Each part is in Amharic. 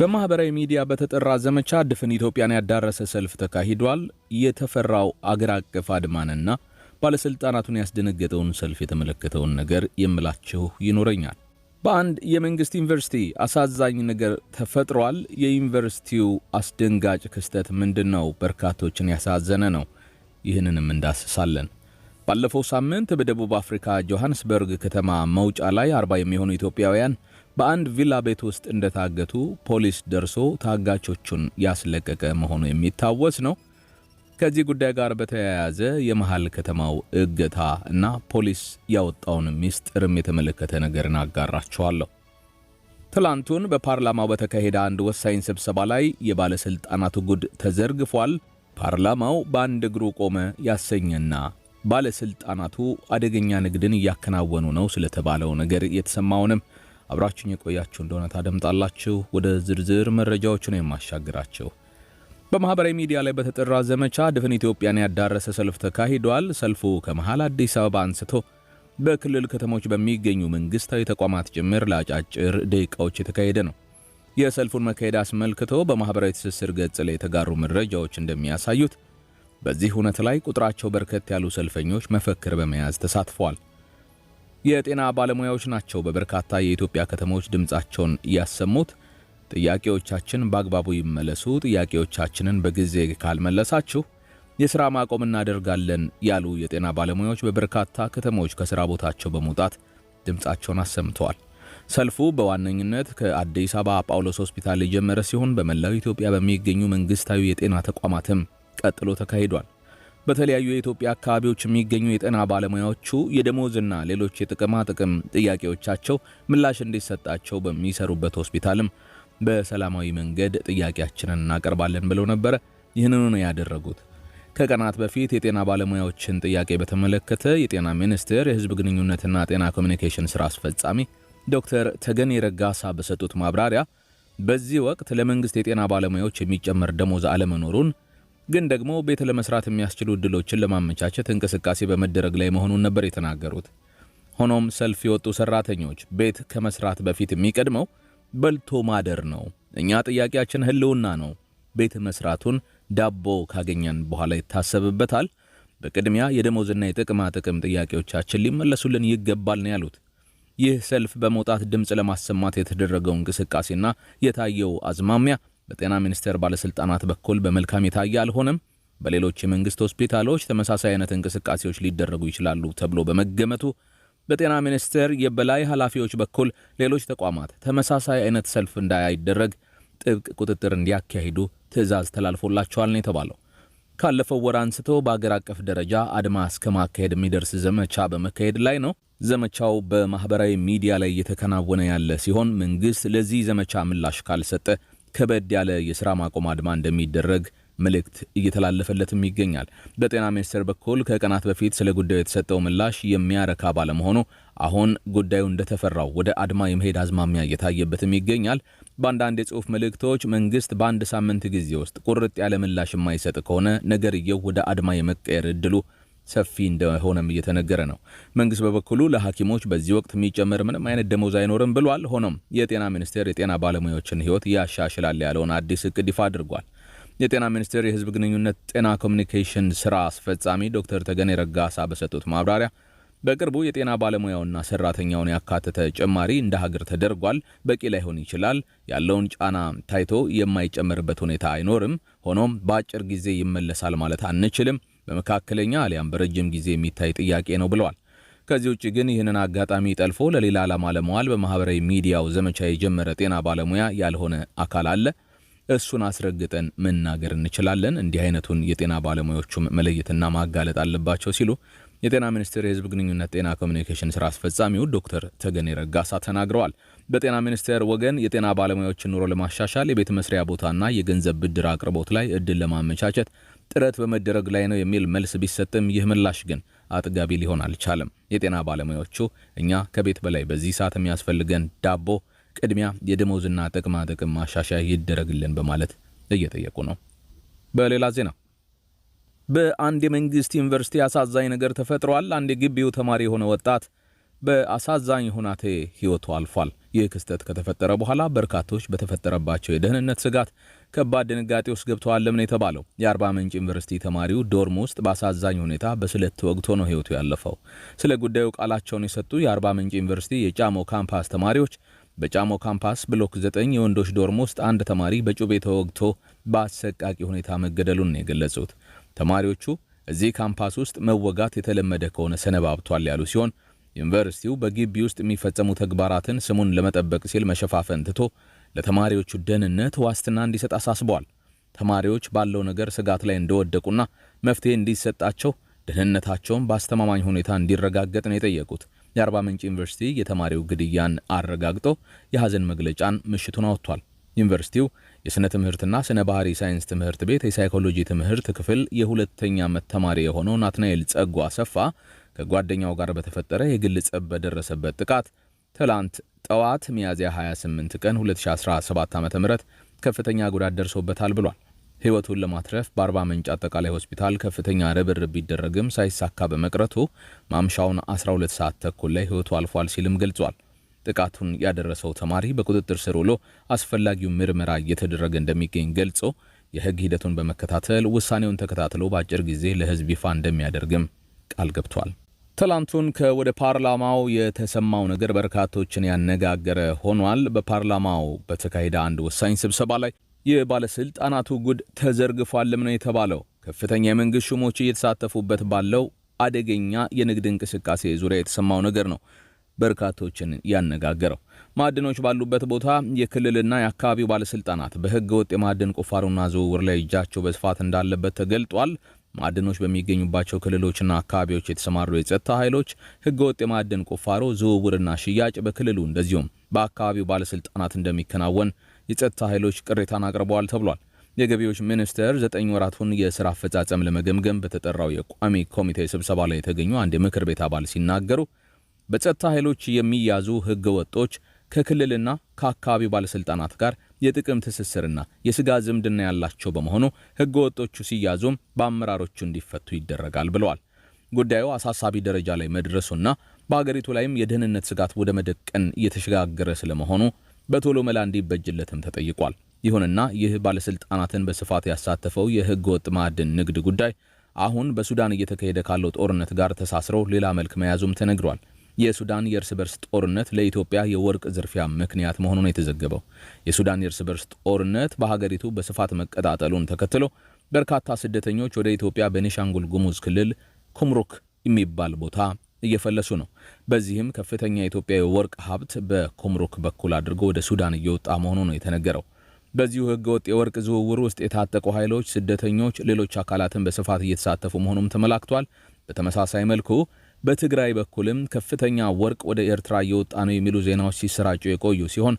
በማህበራዊ ሚዲያ በተጠራ ዘመቻ ድፍን ኢትዮጵያን ያዳረሰ ሰልፍ ተካሂዷል። የተፈራው አገር አቀፍ አድማንና ባለሥልጣናቱን ያስደነገጠውን ሰልፍ የተመለከተውን ነገር የምላችሁ ይኖረኛል። በአንድ የመንግሥት ዩኒቨርሲቲ አሳዛኝ ነገር ተፈጥሯል። የዩኒቨርሲቲው አስደንጋጭ ክስተት ምንድን ነው? በርካቶችን ያሳዘነ ነው። ይህንንም እንዳስሳለን። ባለፈው ሳምንት በደቡብ አፍሪካ ጆሐንስበርግ ከተማ መውጫ ላይ አርባ የሚሆኑ ኢትዮጵያውያን በአንድ ቪላ ቤት ውስጥ እንደታገቱ ፖሊስ ደርሶ ታጋቾቹን ያስለቀቀ መሆኑ የሚታወስ ነው። ከዚህ ጉዳይ ጋር በተያያዘ የመሃል ከተማው እገታ እና ፖሊስ ያወጣውን ሚስጥርም የተመለከተ ነገርን አጋራችኋለሁ። ትላንቱን በፓርላማው በተካሄደ አንድ ወሳኝ ስብሰባ ላይ የባለሥልጣናቱ ጉድ ተዘርግፏል። ፓርላማው በአንድ እግሩ ቆመ ያሰኘና ባለሥልጣናቱ አደገኛ ንግድን እያከናወኑ ነው ስለተባለው ነገር የተሰማውንም አብራችሁን የቆያችሁ እንደሆነ ታደምጣላችሁ። ወደ ዝርዝር መረጃዎቹ ነው የማሻግራችሁ። በማህበራዊ ሚዲያ ላይ በተጠራ ዘመቻ ድፍን ኢትዮጵያን ያዳረሰ ሰልፍ ተካሂዷል። ሰልፉ ከመሃል አዲስ አበባ አንስቶ በክልል ከተሞች በሚገኙ መንግስታዊ ተቋማት ጭምር ለአጫጭር ደቂቃዎች የተካሄደ ነው። የሰልፉን መካሄድ አስመልክቶ በማህበራዊ ትስስር ገጽ ላይ የተጋሩ መረጃዎች እንደሚያሳዩት በዚህ እውነት ላይ ቁጥራቸው በርከት ያሉ ሰልፈኞች መፈክር በመያዝ ተሳትፈዋል። የጤና ባለሙያዎች ናቸው በበርካታ የኢትዮጵያ ከተሞች ድምፃቸውን እያሰሙት ጥያቄዎቻችን በአግባቡ ይመለሱ፣ ጥያቄዎቻችንን በጊዜ ካልመለሳችሁ የሥራ ማቆም እናደርጋለን ያሉ የጤና ባለሙያዎች በበርካታ ከተሞች ከሥራ ቦታቸው በመውጣት ድምፃቸውን አሰምተዋል። ሰልፉ በዋነኝነት ከአዲስ አበባ ጳውሎስ ሆስፒታል የጀመረ ሲሆን በመላው ኢትዮጵያ በሚገኙ መንግሥታዊ የጤና ተቋማትም ቀጥሎ ተካሂዷል። በተለያዩ የኢትዮጵያ አካባቢዎች የሚገኙ የጤና ባለሙያዎቹ የደሞዝና ሌሎች የጥቅማ ጥቅም ጥያቄዎቻቸው ምላሽ እንዲሰጣቸው በሚሰሩበት ሆስፒታልም በሰላማዊ መንገድ ጥያቄያችንን እናቀርባለን ብለው ነበረ። ይህንኑ ነው ያደረጉት። ከቀናት በፊት የጤና ባለሙያዎችን ጥያቄ በተመለከተ የጤና ሚኒስቴር የሕዝብ ግንኙነትና ጤና ኮሚኒኬሽን ስራ አስፈጻሚ ዶክተር ተገኔ ረጋሳ በሰጡት ማብራሪያ በዚህ ወቅት ለመንግሥት የጤና ባለሙያዎች የሚጨመር ደሞዝ አለመኖሩን ግን ደግሞ ቤት ለመስራት የሚያስችሉ እድሎችን ለማመቻቸት እንቅስቃሴ በመደረግ ላይ መሆኑን ነበር የተናገሩት። ሆኖም ሰልፍ የወጡ ሰራተኞች ቤት ከመስራት በፊት የሚቀድመው በልቶ ማደር ነው፣ እኛ ጥያቄያችን ህልውና ነው፣ ቤት መስራቱን ዳቦ ካገኘን በኋላ ይታሰብበታል፣ በቅድሚያ የደሞዝና የጥቅማ ጥቅም ጥያቄዎቻችን ሊመለሱልን ይገባል ነው ያሉት። ይህ ሰልፍ በመውጣት ድምፅ ለማሰማት የተደረገው እንቅስቃሴና የታየው አዝማሚያ በጤና ሚኒስቴር ባለሥልጣናት በኩል በመልካም የታየ አልሆነም። በሌሎች የመንግሥት ሆስፒታሎች ተመሳሳይ አይነት እንቅስቃሴዎች ሊደረጉ ይችላሉ ተብሎ በመገመቱ በጤና ሚኒስቴር የበላይ ኃላፊዎች በኩል ሌሎች ተቋማት ተመሳሳይ አይነት ሰልፍ እንዳይደረግ ጥብቅ ቁጥጥር እንዲያካሂዱ ትዕዛዝ ተላልፎላቸዋል ነው የተባለው። ካለፈው ወር አንስቶ በአገር አቀፍ ደረጃ አድማ እስከ ማካሄድ የሚደርስ ዘመቻ በመካሄድ ላይ ነው። ዘመቻው በማኅበራዊ ሚዲያ ላይ እየተከናወነ ያለ ሲሆን መንግሥት ለዚህ ዘመቻ ምላሽ ካልሰጠ ከበድ ያለ የስራ ማቆም አድማ እንደሚደረግ መልእክት እየተላለፈለትም ይገኛል። በጤና ሚኒስቴር በኩል ከቀናት በፊት ስለ ጉዳዩ የተሰጠው ምላሽ የሚያረካ ባለመሆኑ አሁን ጉዳዩ እንደተፈራው ወደ አድማ የመሄድ አዝማሚያ እየታየበትም ይገኛል። በአንዳንድ የጽሑፍ መልእክቶች መንግስት በአንድ ሳምንት ጊዜ ውስጥ ቁርጥ ያለ ምላሽ የማይሰጥ ከሆነ ነገርየው ወደ አድማ የመቀየር እድሉ ሰፊ እንደሆነም እየተነገረ ነው። መንግስት በበኩሉ ለሐኪሞች በዚህ ወቅት የሚጨምር ምንም አይነት ደሞዝ አይኖርም ብሏል። ሆኖም የጤና ሚኒስቴር የጤና ባለሙያዎችን ሕይወት ያሻሽላል ያለውን አዲስ እቅድ ይፋ አድርጓል። የጤና ሚኒስቴር የህዝብ ግንኙነት ጤና ኮሚኒኬሽን ስራ አስፈጻሚ ዶክተር ተገኔ ረጋሳ በሰጡት ማብራሪያ በቅርቡ የጤና ባለሙያውና ሰራተኛውን ያካተተ ጭማሪ እንደ ሀገር ተደርጓል። በቂ ላይሆን ይችላል። ያለውን ጫና ታይቶ የማይጨምርበት ሁኔታ አይኖርም። ሆኖም በአጭር ጊዜ ይመለሳል ማለት አንችልም። በመካከለኛ አሊያም በረጅም ጊዜ የሚታይ ጥያቄ ነው ብለዋል። ከዚህ ውጭ ግን ይህንን አጋጣሚ ጠልፎ ለሌላ ዓላማ ለመዋል በማኅበራዊ ሚዲያው ዘመቻ የጀመረ ጤና ባለሙያ ያልሆነ አካል አለ። እሱን አስረግጠን መናገር እንችላለን። እንዲህ አይነቱን የጤና ባለሙያዎቹም መለየትና ማጋለጥ አለባቸው ሲሉ የጤና ሚኒስቴር የህዝብ ግንኙነት ጤና ኮሚኒኬሽን ስራ አስፈጻሚው ዶክተር ተገኔ ረጋሳ ተናግረዋል። በጤና ሚኒስቴር ወገን የጤና ባለሙያዎችን ኑሮ ለማሻሻል የቤት መስሪያ ቦታና የገንዘብ ብድር አቅርቦት ላይ እድል ለማመቻቸት ጥረት በመደረግ ላይ ነው የሚል መልስ ቢሰጥም ይህ ምላሽ ግን አጥጋቢ ሊሆን አልቻለም። የጤና ባለሙያዎቹ እኛ ከቤት በላይ በዚህ ሰዓት የሚያስፈልገን ዳቦ፣ ቅድሚያ የደሞዝና ጥቅማ ጥቅም ማሻሻያ ይደረግልን በማለት እየጠየቁ ነው። በሌላ ዜና በአንድ የመንግሥት ዩኒቨርሲቲ አሳዛኝ ነገር ተፈጥሯል። አንድ የግቢው ተማሪ የሆነ ወጣት በአሳዛኝ ሁናቴ ህይወቱ አልፏል። ይህ ክስተት ከተፈጠረ በኋላ በርካቶች በተፈጠረባቸው የደህንነት ስጋት ከባድ ድንጋጤ ውስጥ ገብተዋል። ለምን የተባለው የአርባ ምንጭ ዩኒቨርሲቲ ተማሪው ዶርም ውስጥ በአሳዛኝ ሁኔታ በስለት ተወግቶ ነው ሕይወቱ ያለፈው። ስለ ጉዳዩ ቃላቸውን የሰጡ የአርባ ምንጭ ዩኒቨርሲቲ የጫሞ ካምፓስ ተማሪዎች በጫሞ ካምፓስ ብሎክ 9 የወንዶች ዶርም ውስጥ አንድ ተማሪ በጩቤ ተወግቶ በአሰቃቂ ሁኔታ መገደሉን ነው የገለጹት። ተማሪዎቹ እዚህ ካምፓስ ውስጥ መወጋት የተለመደ ከሆነ ሰነባብቷል ያሉ ሲሆን ዩኒቨርሲቲው በግቢ ውስጥ የሚፈጸሙ ተግባራትን ስሙን ለመጠበቅ ሲል መሸፋፈን ትቶ ለተማሪዎቹ ደህንነት ዋስትና እንዲሰጥ አሳስበዋል። ተማሪዎች ባለው ነገር ስጋት ላይ እንደወደቁና መፍትሄ እንዲሰጣቸው ደህንነታቸውን በአስተማማኝ ሁኔታ እንዲረጋገጥ ነው የጠየቁት። የአርባ ምንጭ ዩኒቨርሲቲ የተማሪው ግድያን አረጋግጦ የሐዘን መግለጫን ምሽቱን አወጥቷል። ዩኒቨርሲቲው የሥነ ትምህርትና ሥነ ባህሪ ሳይንስ ትምህርት ቤት የሳይኮሎጂ ትምህርት ክፍል የሁለተኛ ዓመት ተማሪ የሆነው ናትናኤል ጸጉ አሰፋ ከጓደኛው ጋር በተፈጠረ የግል ጸብ በደረሰበት ጥቃት ትላንት ጠዋት ሚያዝያ 28 ቀን 2017 ዓ ም ከፍተኛ ጉዳት ደርሶበታል ብሏል። ሕይወቱን ለማትረፍ በአርባ ምንጭ አጠቃላይ ሆስፒታል ከፍተኛ ርብርብ ቢደረግም ሳይሳካ በመቅረቱ ማምሻውን 12 ሰዓት ተኩል ላይ ሕይወቱ አልፏል ሲልም ገልጿል። ጥቃቱን ያደረሰው ተማሪ በቁጥጥር ስር ውሎ አስፈላጊው ምርመራ እየተደረገ እንደሚገኝ ገልጾ የሕግ ሂደቱን በመከታተል ውሳኔውን ተከታትሎ በአጭር ጊዜ ለሕዝብ ይፋ እንደሚያደርግም ቃል ገብቷል። ትላንቱን ከወደ ፓርላማው የተሰማው ነገር በርካቶችን ያነጋገረ ሆኗል። በፓርላማው በተካሄደ አንድ ወሳኝ ስብሰባ ላይ የባለሥልጣናቱ ጉድ ተዘርግፏልም ነው የተባለው። ከፍተኛ የመንግሥት ሹሞች እየተሳተፉበት ባለው አደገኛ የንግድ እንቅስቃሴ ዙሪያ የተሰማው ነገር ነው። በርካቶችን ያነጋገረው። ማዕድኖች ባሉበት ቦታ የክልልና የአካባቢው ባለስልጣናት በህገ ወጥ የማዕድን ቁፋሮና ዝውውር ላይ እጃቸው በስፋት እንዳለበት ተገልጧል። ማዕድኖች በሚገኙባቸው ክልሎችና አካባቢዎች የተሰማሩ የጸጥታ ኃይሎች ህገ ወጥ የማዕድን ቁፋሮ ዝውውርና ሽያጭ በክልሉ እንደዚሁም በአካባቢው ባለስልጣናት እንደሚከናወን የጸጥታ ኃይሎች ቅሬታን አቅርበዋል ተብሏል። የገቢዎች ሚኒስቴር ዘጠኝ ወራቱን የስራ አፈጻጸም ለመገምገም በተጠራው የቋሚ ኮሚቴ ስብሰባ ላይ የተገኙ አንድ የምክር ቤት አባል ሲናገሩ በጸጥታ ኃይሎች የሚያዙ ህገ ወጦች ከክልልና ከአካባቢ ባለሥልጣናት ጋር የጥቅም ትስስርና የስጋ ዝምድና ያላቸው በመሆኑ ህገ ወጦቹ ሲያዙም በአመራሮቹ እንዲፈቱ ይደረጋል ብለዋል። ጉዳዩ አሳሳቢ ደረጃ ላይ መድረሱና በአገሪቱ ላይም የደህንነት ስጋት ወደ መደቀን እየተሸጋገረ ስለመሆኑ በቶሎ መላ እንዲበጅለትም ተጠይቋል። ይሁንና ይህ ባለሥልጣናትን በስፋት ያሳተፈው የህገ ወጥ ማዕድን ንግድ ጉዳይ አሁን በሱዳን እየተካሄደ ካለው ጦርነት ጋር ተሳስሮ ሌላ መልክ መያዙም ተነግሯል። የሱዳን የእርስ በርስ ጦርነት ለኢትዮጵያ የወርቅ ዝርፊያ ምክንያት መሆኑን የተዘገበው የሱዳን የእርስ በርስ ጦርነት በሀገሪቱ በስፋት መቀጣጠሉን ተከትሎ በርካታ ስደተኞች ወደ ኢትዮጵያ በኒሻንጉል ጉሙዝ ክልል ኩምሩክ የሚባል ቦታ እየፈለሱ ነው። በዚህም ከፍተኛ የኢትዮጵያ የወርቅ ሀብት በኩምሩክ በኩል አድርጎ ወደ ሱዳን እየወጣ መሆኑ ነው የተነገረው። በዚሁ ህገወጥ የወርቅ ዝውውር ውስጥ የታጠቁ ኃይሎች፣ ስደተኞች፣ ሌሎች አካላትን በስፋት እየተሳተፉ መሆኑም ተመላክቷል። በተመሳሳይ መልኩ በትግራይ በኩልም ከፍተኛ ወርቅ ወደ ኤርትራ እየወጣ ነው የሚሉ ዜናዎች ሲሰራጩ የቆዩ ሲሆን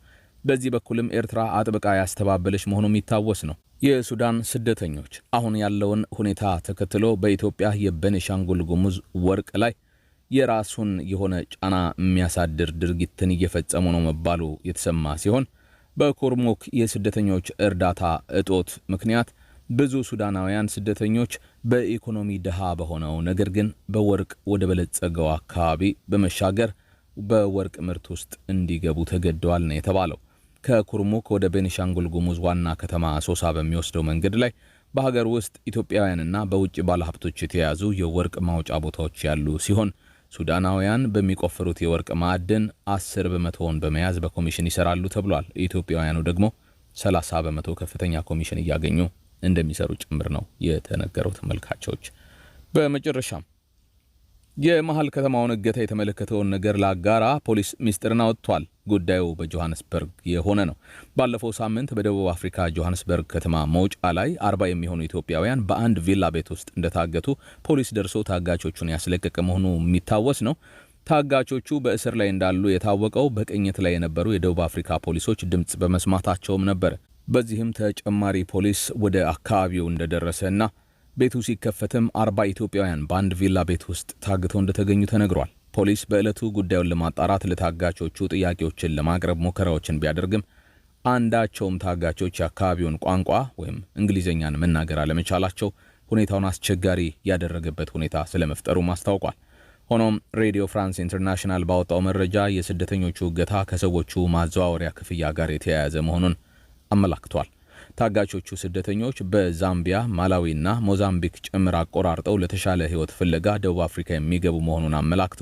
በዚህ በኩልም ኤርትራ አጥብቃ ያስተባበለች መሆኑ የሚታወስ ነው። የሱዳን ስደተኞች አሁን ያለውን ሁኔታ ተከትሎ በኢትዮጵያ የቤኒሻንጉል ጉሙዝ ወርቅ ላይ የራሱን የሆነ ጫና የሚያሳድር ድርጊትን እየፈጸሙ ነው መባሉ የተሰማ ሲሆን በኮርሞክ የስደተኞች እርዳታ እጦት ምክንያት ብዙ ሱዳናውያን ስደተኞች በኢኮኖሚ ድሃ በሆነው ነገር ግን በወርቅ ወደ በለጸገው አካባቢ በመሻገር በወርቅ ምርት ውስጥ እንዲገቡ ተገደዋል ነው የተባለው። ከኩርሙክ ወደ ቤኒሻንጉል ጉሙዝ ዋና ከተማ ሶሳ በሚወስደው መንገድ ላይ በሀገር ውስጥ ኢትዮጵያውያንና በውጭ ባለሀብቶች የተያዙ የወርቅ ማውጫ ቦታዎች ያሉ ሲሆን ሱዳናውያን በሚቆፍሩት የወርቅ ማዕድን አስር በመቶውን በመያዝ በኮሚሽን ይሰራሉ ተብሏል። ኢትዮጵያውያኑ ደግሞ 30 በመቶ ከፍተኛ ኮሚሽን እያገኙ እንደሚሰሩ ጭምር ነው የተነገረው ተመልካቾች። በመጨረሻም የመሀል ከተማውን እገታ የተመለከተውን ነገር ለአጋራ ፖሊስ ሚስጥርን አወጥቷል። ጉዳዩ በጆሃንስበርግ የሆነ ነው። ባለፈው ሳምንት በደቡብ አፍሪካ ጆሃንስበርግ ከተማ መውጫ ላይ አርባ የሚሆኑ ኢትዮጵያውያን በአንድ ቪላ ቤት ውስጥ እንደታገቱ ፖሊስ ደርሶ ታጋቾቹን ያስለቀቀ መሆኑ የሚታወስ ነው። ታጋቾቹ በእስር ላይ እንዳሉ የታወቀው በቅኝት ላይ የነበሩ የደቡብ አፍሪካ ፖሊሶች ድምፅ በመስማታቸውም ነበር። በዚህም ተጨማሪ ፖሊስ ወደ አካባቢው እንደደረሰና ቤቱ ሲከፈትም አርባ ኢትዮጵያውያን በአንድ ቪላ ቤት ውስጥ ታግተው እንደተገኙ ተነግሯል። ፖሊስ በዕለቱ ጉዳዩን ለማጣራት ለታጋቾቹ ጥያቄዎችን ለማቅረብ ሙከራዎችን ቢያደርግም አንዳቸውም ታጋቾች የአካባቢውን ቋንቋ ወይም እንግሊዝኛን መናገር አለመቻላቸው ሁኔታውን አስቸጋሪ ያደረገበት ሁኔታ ስለመፍጠሩም አስታውቋል። ሆኖም ሬዲዮ ፍራንስ ኢንተርናሽናል ባወጣው መረጃ የስደተኞቹ እገታ ከሰዎቹ ማዘዋወሪያ ክፍያ ጋር የተያያዘ መሆኑን አመላክቷል። ታጋቾቹ ስደተኞች በዛምቢያ ማላዊና ሞዛምቢክ ጭምር አቆራርጠው ለተሻለ ሕይወት ፍለጋ ደቡብ አፍሪካ የሚገቡ መሆኑን አመላክቶ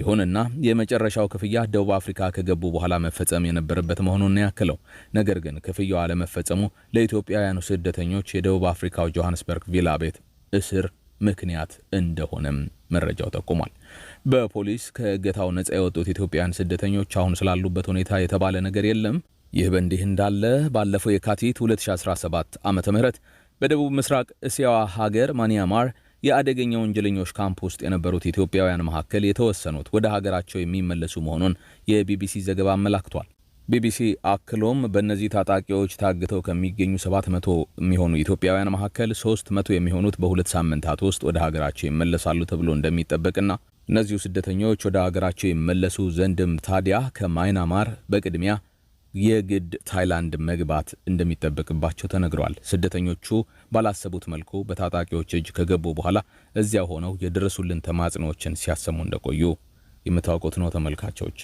ይሁንና የመጨረሻው ክፍያ ደቡብ አፍሪካ ከገቡ በኋላ መፈጸም የነበረበት መሆኑን ያክለው። ነገር ግን ክፍያው አለመፈጸሙ ለኢትዮጵያውያኑ ስደተኞች የደቡብ አፍሪካው ጆሃንስበርግ ቪላ ቤት እስር ምክንያት እንደሆነም መረጃው ጠቁሟል። በፖሊስ ከእገታው ነጻ የወጡት ኢትዮጵያውያን ስደተኞች አሁን ስላሉበት ሁኔታ የተባለ ነገር የለም። ይህ በእንዲህ እንዳለ ባለፈው የካቲት 2017 ዓ ም በደቡብ ምስራቅ እስያዋ ሀገር ማኒያማር የአደገኛ ወንጀለኞች ካምፕ ውስጥ የነበሩት ኢትዮጵያውያን መካከል የተወሰኑት ወደ ሀገራቸው የሚመለሱ መሆኑን የቢቢሲ ዘገባ አመላክቷል። ቢቢሲ አክሎም በእነዚህ ታጣቂዎች ታግተው ከሚገኙ 700 የሚሆኑ ኢትዮጵያውያን መካከል 300 የሚሆኑት በሁለት ሳምንታት ውስጥ ወደ ሀገራቸው ይመለሳሉ ተብሎ እንደሚጠበቅና እነዚሁ ስደተኞች ወደ ሀገራቸው ይመለሱ ዘንድም ታዲያ ከማይናማር በቅድሚያ የግድ ታይላንድ መግባት እንደሚጠበቅባቸው ተነግረዋል። ስደተኞቹ ባላሰቡት መልኩ በታጣቂዎች እጅ ከገቡ በኋላ እዚያ ሆነው የደረሱልን ተማጽኖዎችን ሲያሰሙ እንደቆዩ የምታውቁት ነው ተመልካቾች።